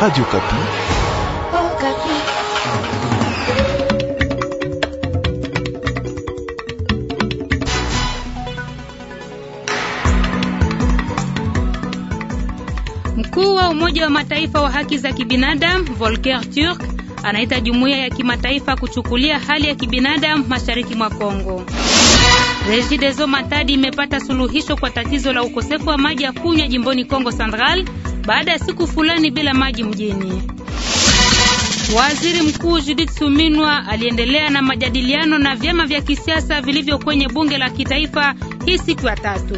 Radio Kapi. Oh, Kapi. Mkuu wa Umoja wa Mataifa wa haki za kibinadamu Volker Turk anaita jumuiya ya kimataifa kuchukulia hali ya kibinadamu mashariki mwa Kongo. Regideso Matadi imepata suluhisho kwa tatizo la ukosefu wa maji ya kunywa jimboni Kongo Central baada ya siku fulani bila maji mjini. Waziri Mkuu Judith Suminwa aliendelea na majadiliano na vyama vya kisiasa vilivyo kwenye bunge la kitaifa hii siku ya tatu.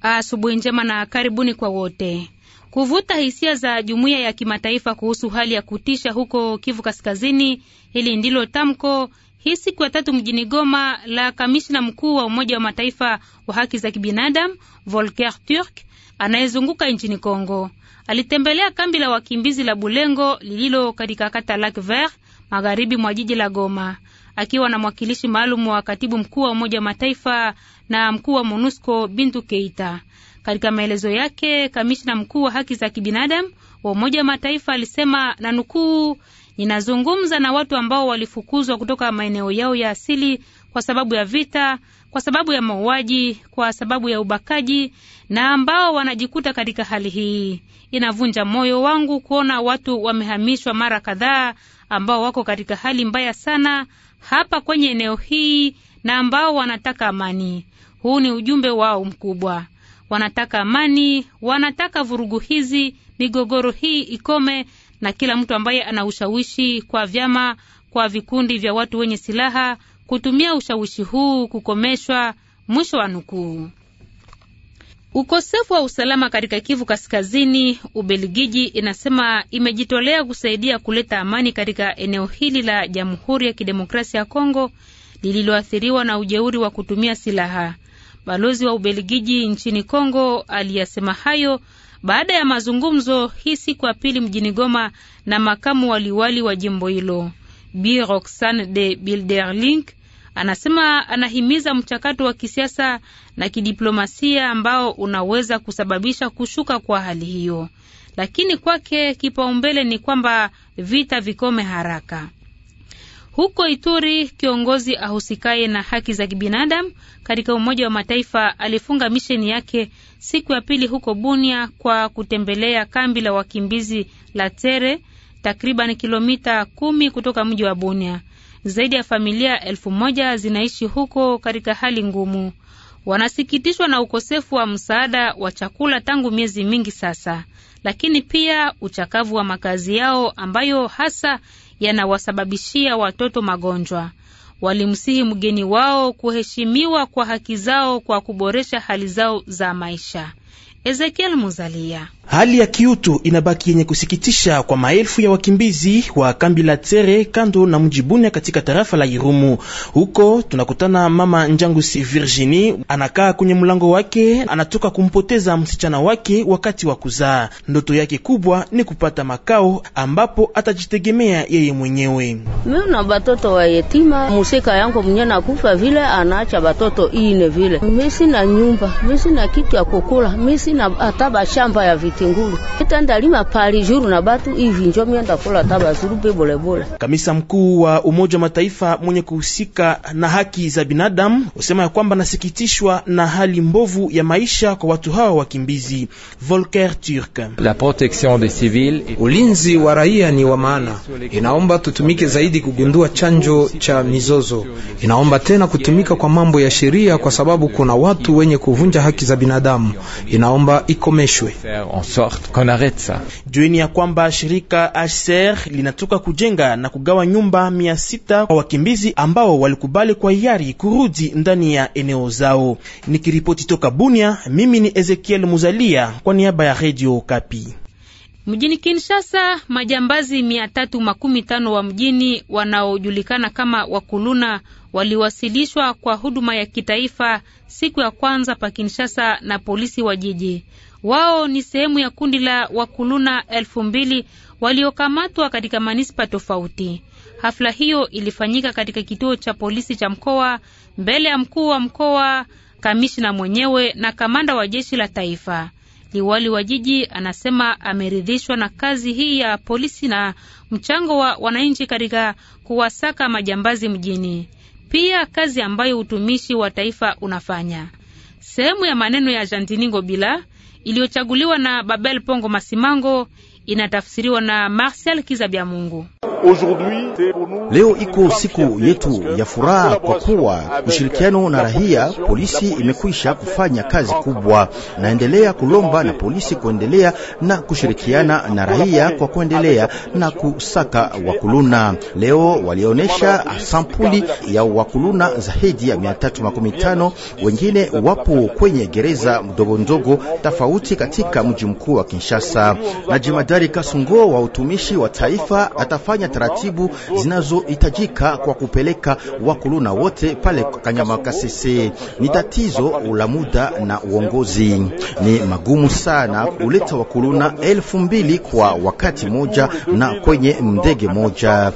Asubuhi njema na karibuni kwa wote. Kuvuta hisia za jumuiya ya kimataifa kuhusu hali ya kutisha huko Kivu Kaskazini, hili ndilo tamko hii siku ya tatu mjini Goma la kamishna mkuu wa Umoja wa Mataifa wa haki za kibinadamu Volker Turk anayezunguka nchini Kongo alitembelea kambi la wakimbizi la Bulengo lililo katika kata Lac Vert magharibi mwa jiji la Goma akiwa na mwakilishi maalum wa katibu mkuu wa Umoja wa Mataifa na mkuu wa MONUSCO Bintu Keita. Katika maelezo yake, kamishna mkuu wa haki za kibinadamu wa Umoja wa Mataifa alisema na nukuu, inazungumza na watu ambao walifukuzwa kutoka maeneo yao ya asili kwa sababu ya vita, kwa sababu ya mauaji, kwa sababu ya ubakaji na ambao wanajikuta katika hali hii. Inavunja moyo wangu kuona watu wamehamishwa mara kadhaa ambao wako katika hali mbaya sana hapa kwenye eneo hii na ambao wanataka amani. Huu ni ujumbe wao mkubwa. Wanataka amani, wanataka vurugu hizi, migogoro hii ikome na kila mtu ambaye ana ushawishi kwa vyama, kwa vikundi vya watu wenye silaha kutumia ushawishi huu kukomeshwa. Mwisho wa nukuu. Ukosefu wa usalama katika Kivu Kaskazini, Ubelgiji inasema imejitolea kusaidia kuleta amani katika eneo hili la Jamhuri ya Kidemokrasia ya Kongo lililoathiriwa na ujeuri wa kutumia silaha. Balozi wa Ubelgiji nchini Kongo aliyasema hayo baada ya mazungumzo hii siku ya pili mjini Goma na makamu waliwali wa jimbo hilo Bi Roxane de Bilderling anasema anahimiza mchakato wa kisiasa na kidiplomasia ambao unaweza kusababisha kushuka kwa hali hiyo, lakini kwake kipaumbele ni kwamba vita vikome haraka. Huko Ituri, kiongozi ahusikaye na haki za kibinadamu katika Umoja wa Mataifa alifunga misheni yake siku ya pili huko Bunia kwa kutembelea kambi la wakimbizi la Tere, takriban kilomita kumi kutoka mji wa Bunia. Zaidi ya familia elfu moja zinaishi huko katika hali ngumu. Wanasikitishwa na ukosefu wa msaada wa chakula tangu miezi mingi sasa, lakini pia uchakavu wa makazi yao ambayo hasa yanawasababishia watoto magonjwa. Walimsihi mgeni wao kuheshimiwa kwa haki zao kwa kuboresha hali zao za maisha. Ezekiel Muzalia Hali ya kiutu inabaki yenye kusikitisha kwa maelfu ya wakimbizi wa kambi la Tere kando na mji Bunia katika tarafa la Irumu. Huko tunakutana mama Njangusi Virginie, anakaa kwenye mlango wake, anatoka kumpoteza msichana wake wakati wa kuzaa. Ndoto yake kubwa ni kupata makao ambapo atajitegemea yeye mwenyewe. Mimi na batoto wa yetima, musika yangu mwenye nakufa vile, anaacha batoto ine vile. Mimi sina nyumba, mimi sina kitu ya kukula, mimi sina hata bashamba ya kingulu itandalima pali juru na batu hivi njo mienda kula taba pe bole bole. Kamisa mkuu wa Umoja wa Mataifa mwenye kuhusika na haki za binadamu usema ya kwamba nasikitishwa na hali mbovu ya maisha kwa watu hawa wakimbizi. Volker Turk: La protection des civils, ulinzi wa raia ni wa maana. Inaomba tutumike zaidi kugundua chanjo cha mizozo. Inaomba tena kutumika kwa mambo ya sheria, kwa sababu kuna watu wenye kuvunja haki za binadamu. Inaomba ikomeshwe sorte qu'on arrête ça. Jueni ya kwamba shirika HCR linatoka kujenga na kugawa nyumba mia sita kwa wakimbizi ambao walikubali kwa hiari kurudi ndani ya eneo zao. Nikiripoti toka Bunia, mimi ni Ezekiel Muzalia kwa niaba ya Radio Kapi. Mjini Kinshasa, majambazi mia tatu makumi tano wa mjini wanaojulikana kama wakuluna waliwasilishwa kwa huduma ya kitaifa siku ya kwanza pa Kinshasa na polisi wa jiji. Wao ni sehemu ya kundi la wakuluna elfu mbili waliokamatwa katika manispa tofauti. Hafla hiyo ilifanyika katika kituo cha polisi cha mkoa mbele ya mkuu wa mkoa, kamishna mwenyewe na kamanda wa jeshi la taifa. Liwali wa jiji anasema ameridhishwa na kazi hii ya polisi na mchango wa wananchi katika kuwasaka majambazi mjini, pia kazi ambayo utumishi wa taifa unafanya. Sehemu ya maneno ya Jantiningo bila iliyochaguliwa na Babel Pongo Masimango inatafsiriwa na Marcel Mungu. Leo iko siku yetu ya furaha kwa kuwa ushirikiano na rahia, polisi imekwisha kufanya kazi kubwa. Naendelea kulomba na polisi kuendelea na kushirikiana na rahia kwa kuendelea na kusaka wakuluna. Leo walionyesha sampuli ya wakuluna zaidi ya 315 wengine wapo kwenye gereza ndogo ndogo tofauti katika mji mkuu wa Kinshasa na Daktari Kasungo wa utumishi wa taifa atafanya taratibu zinazohitajika kwa kupeleka wakuluna wote pale kanyama kasese Ni tatizo la muda na uongozi, ni magumu sana kuleta wakuluna elfu mbili kwa wakati moja na kwenye ndege moja.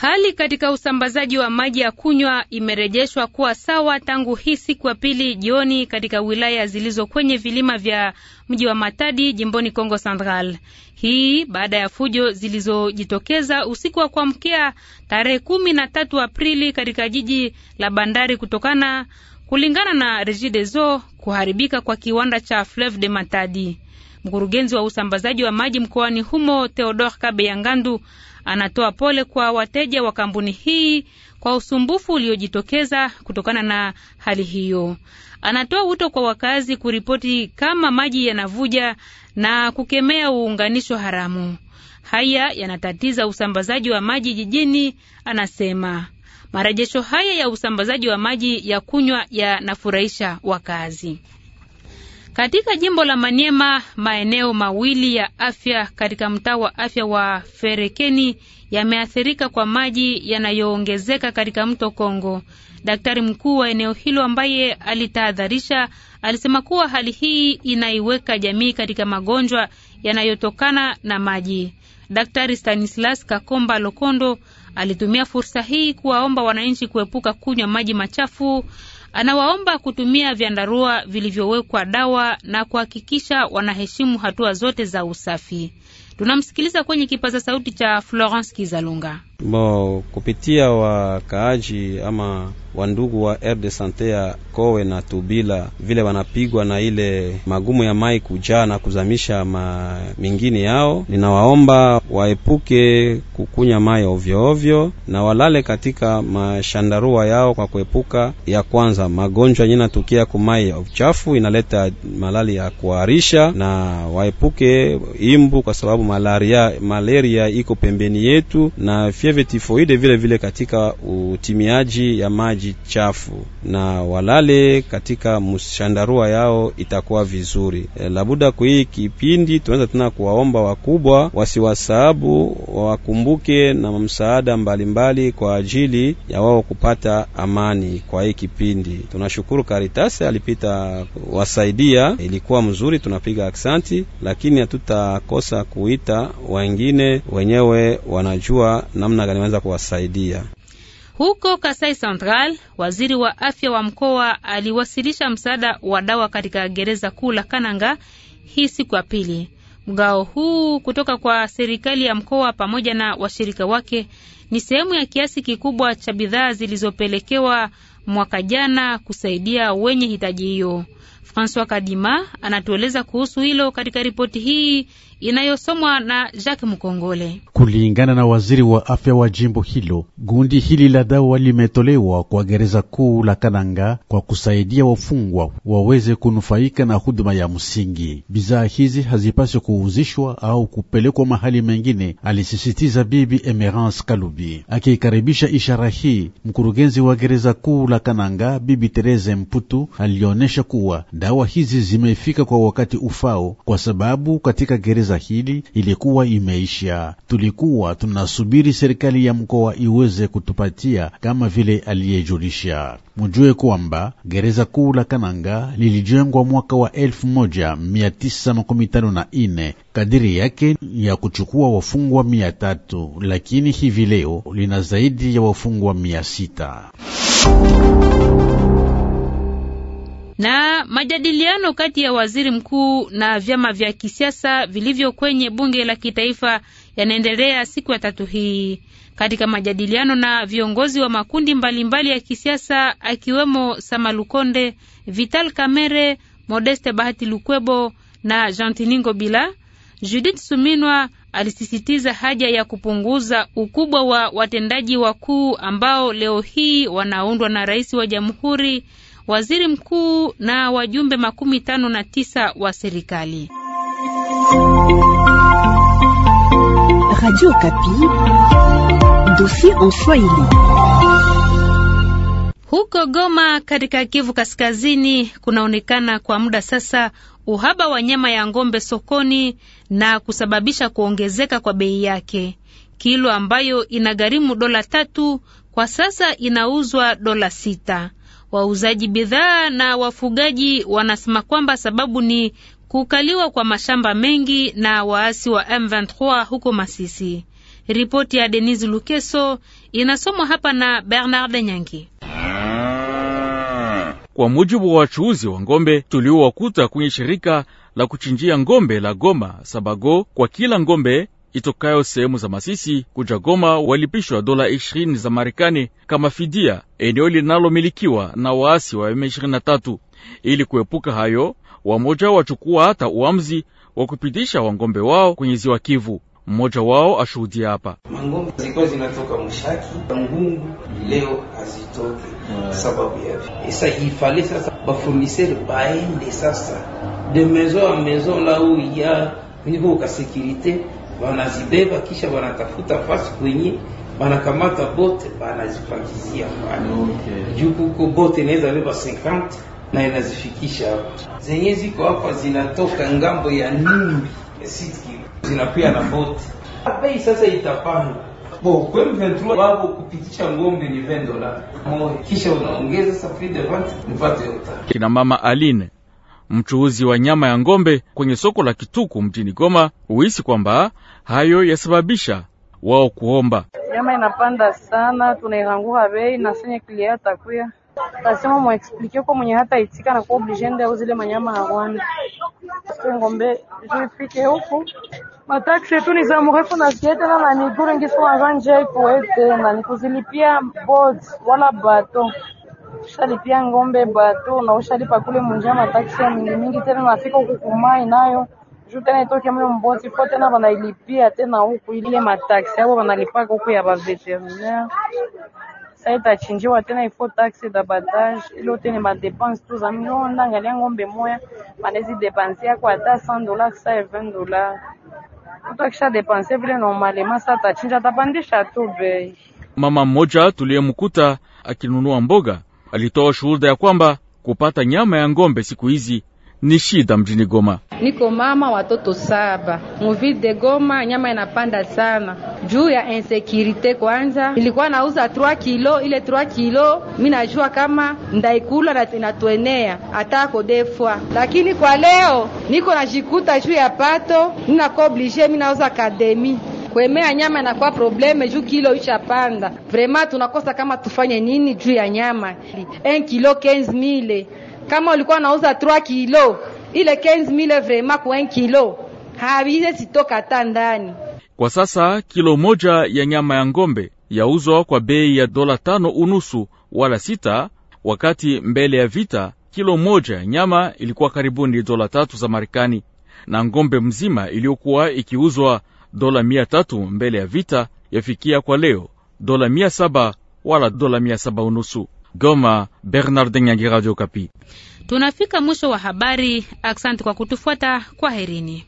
Hali katika usambazaji wa maji ya kunywa imerejeshwa kuwa sawa tangu hii siku ya pili jioni katika wilaya zilizo kwenye vilima vya mji wa Matadi jimboni congo Central. Hii baada ya fujo zilizojitokeza usiku wa kuamkia tarehe kumi na tatu Aprili katika jiji la bandari kutokana kulingana na Regideso kuharibika kwa kiwanda cha Fleuve de Matadi. Mkurugenzi wa usambazaji wa maji mkoani humo Theodore Kabeyangandu Anatoa pole kwa wateja wa kampuni hii kwa usumbufu uliojitokeza kutokana na hali hiyo. Anatoa wito kwa wakazi kuripoti kama maji yanavuja na kukemea uunganisho haramu. Haya yanatatiza usambazaji wa maji jijini, anasema. Marejesho haya ya usambazaji wa maji ya kunywa yanafurahisha wakazi. Katika jimbo la Maniema, maeneo mawili ya afya katika mtaa wa afya wa Ferekeni yameathirika kwa maji yanayoongezeka katika mto Kongo. Daktari mkuu wa eneo hilo ambaye alitahadharisha alisema kuwa hali hii inaiweka jamii katika magonjwa yanayotokana na maji. Daktari Stanislas Kakomba Lokondo alitumia fursa hii kuwaomba wananchi kuepuka kunywa maji machafu Anawaomba kutumia vyandarua vilivyowekwa dawa na kuhakikisha wanaheshimu hatua zote za usafi. Tunamsikiliza kwenye kipaza sauti cha Florence Kizalunga. Bo, kupitia wakaaji ama wandugu wa RD Sante ya Kowe na Tubila vile wanapigwa na ile magumu ya mai kujaa na kuzamisha ma mingine yao, ninawaomba waepuke kukunya mai ovyo ovyo na walale katika mashandarua yao kwa kuepuka ya kwanza magonjwa yenye natukia mai ya uchafu inaleta malali ya kuharisha, na waepuke imbu kwa sababu malaria, malaria iko pembeni yetu na fieve tifoide, vile vile katika utimiaji ya maji chafu, na walale katika mshandarua yao itakuwa vizuri. E, labuda kwa hii kipindi tunaweza tena kuwaomba wakubwa wasiwasabu, wakumbuke na msaada mbalimbali kwa ajili ya wao kupata amani kwa hii kipindi. Tunashukuru Karitasi alipita wasaidia, ilikuwa mzuri, tunapiga aksanti, lakini hatutakosa kuita wengine, wenyewe wanajua namna namna gani wanaweza kuwasaidia. Huko Kasai Central, waziri wa afya wa mkoa aliwasilisha msaada wa dawa katika gereza kuu la Kananga hii siku ya pili. Mgao huu kutoka kwa serikali ya mkoa pamoja na washirika wake ni sehemu ya kiasi kikubwa cha bidhaa zilizopelekewa mwaka jana kusaidia wenye hitaji hiyo. Francois Kadima anatueleza kuhusu hilo katika ripoti hii inayosomwa na Jacques Mkongole. Kulingana na waziri wa afya wa jimbo hilo, gundi hili la dawa limetolewa kwa gereza kuu la Kananga kwa kusaidia wafungwa waweze kunufaika na huduma ya msingi. Bidhaa hizi hazipaswi kuuzishwa au kupelekwa mahali mengine, alisisitiza Bibi Emerance Kalubi akiikaribisha ishara hii. Mkurugenzi wa gereza kuu la Kananga Bibi Tereze Mputu alionyesha kuwa dawa hizi zimefika kwa wakati ufao, kwa sababu katika gereza kutekeleza hili ilikuwa imeisha. Tulikuwa tunasubiri serikali ya mkoa iweze kutupatia kama vile aliyejulisha. Mujue kwamba gereza kuu la Kananga lilijengwa mwaka wa 1954 kadiri yake ya kuchukua wafungwa mia tatu lakini hivi leo lina zaidi ya wafungwa mia na majadiliano kati ya waziri mkuu na vyama vya kisiasa vilivyo kwenye bunge la kitaifa yanaendelea siku ya tatu hii. Katika majadiliano na viongozi wa makundi mbalimbali mbali ya kisiasa akiwemo Samalukonde, Vital Kamere, Modeste Bahati Lukwebo na jantiningo Bila, Judith Suminwa alisisitiza haja ya kupunguza ukubwa wa watendaji wakuu ambao leo hii wanaundwa na rais wa jamhuri waziri mkuu na wajumbe makumi tano na tisa wa serikali. Radio Kapi, dossier en Swahili. Huko Goma katika Kivu Kaskazini kunaonekana kwa muda sasa uhaba wa nyama ya ng'ombe sokoni na kusababisha kuongezeka kwa bei yake. Kilo ambayo inagharimu dola tatu kwa sasa inauzwa dola sita. Wauzaji bidhaa na wafugaji wanasema kwamba sababu ni kukaliwa kwa mashamba mengi na waasi wa M23 huko Masisi. Ripoti ya Denis Lukeso inasomwa hapa na Bernard Nyangi. Kwa mujibu wa wachuuzi wa ngombe tuliowakuta kwenye shirika la kuchinjia ngombe la Goma Sabago, kwa kila ngombe itokayo sehemu za Masisi kuja Goma walipishwa dola 20 za Marekani kama fidia eneo linalomilikiwa na waasi wa M23. Ili kuepuka hayo, wamoja wachukua hata uamuzi wa kupitisha wangombe wao kwenye ziwa Kivu. Mmoja wao ashuhudia hapa. Mangombe zilikuwa zinatoka Ngungu, leo hazitoke yeah. Sababu ya sasa, baende sasa de a lau ya niko wanazibeba kisha wanatafuta fasi kwenye banakamata bote banazipakizia pale okay. Juu kuko bote inaweza beba 50 na inazifikisha hapa. Zenye ziko hapa zinatoka ngambo ya ya sitki zinapia na bote, bei sasa itapanda bo kweli 23 wao kupitisha ngombe ni 20 dola, kisha unaongeza safari de 20 mpate Kina mama Aline mchuuzi wa nyama ya ng'ombe kwenye soko la Kituku mjini Goma huisi kwamba hayo yasababisha wao kuomba nyama inapanda sana, tunaihangua bei na senye kilia takuya tasema mwexplike uko mwenye hata itika na kuwa obligende au zile manyama na Rwanda ngombe ifike huku mataksi yetu ni za mrefu na sie tena na miguru ngisi wanganje ikuwe tena nikuzilipia bot wala bato ushalipia ngombe bato na ushalipa kule munjia mataksi ya mingi mingi tena nafika huku kumai nayo juu tena itoke mle mboti po tena wanailipia tena huku ile mataksi hapo wanalipaka huku ya baveterinaire sa itachinjiwa tena ifo taxe dabatage ilo tena madepense tu za mino nangalia ngombe moya manezi depanse yako hata 100 dollars sa 20 dollars mtu akisha depanse vile normalema sa atachinja atapandisha tu bei mama mmoja tuliyemkuta akinunua mboga alitoa shuhuda ya kwamba kupata nyama ya ng'ombe siku hizi ni shida mjini Goma. Niko mama watoto saba muvile de Goma, nyama inapanda sana juu ya insekirite. Kwanza ilikuwa nauza 3 kilo, ile 3 kilo mi najua kama ndaikula na inatwenea hata kodefwa, lakini kwa leo niko najikuta juu ya pato ninakooblige mi nauza kademi kuemea nyama inakuwa probleme juu kilo ishapanda. Vrema tunakosa kama tufanye nini juu ya nyama en kilo mile, kama ulikuwa nauza 3 kilo ile mile vrema kwa en kilo habize sitoka ta ndani. Kwa sasa kilo moja ya nyama ya ngombe yauzwa kwa bei ya dola tano unusu wala sita, wakati mbele ya vita kilo moja ya nyama ilikuwa karibuni dola tatu za Marekani na ngombe mzima iliyokuwa ikiuzwa dola mia tatu mbele ya vita yafikia kwa leo dola mia saba wala dola mia saba unusu. Goma, Bernard Nyangi, Radio Kapi. Tunafika mwisho wa habari. Asante kwa kutufuata, kwa herini.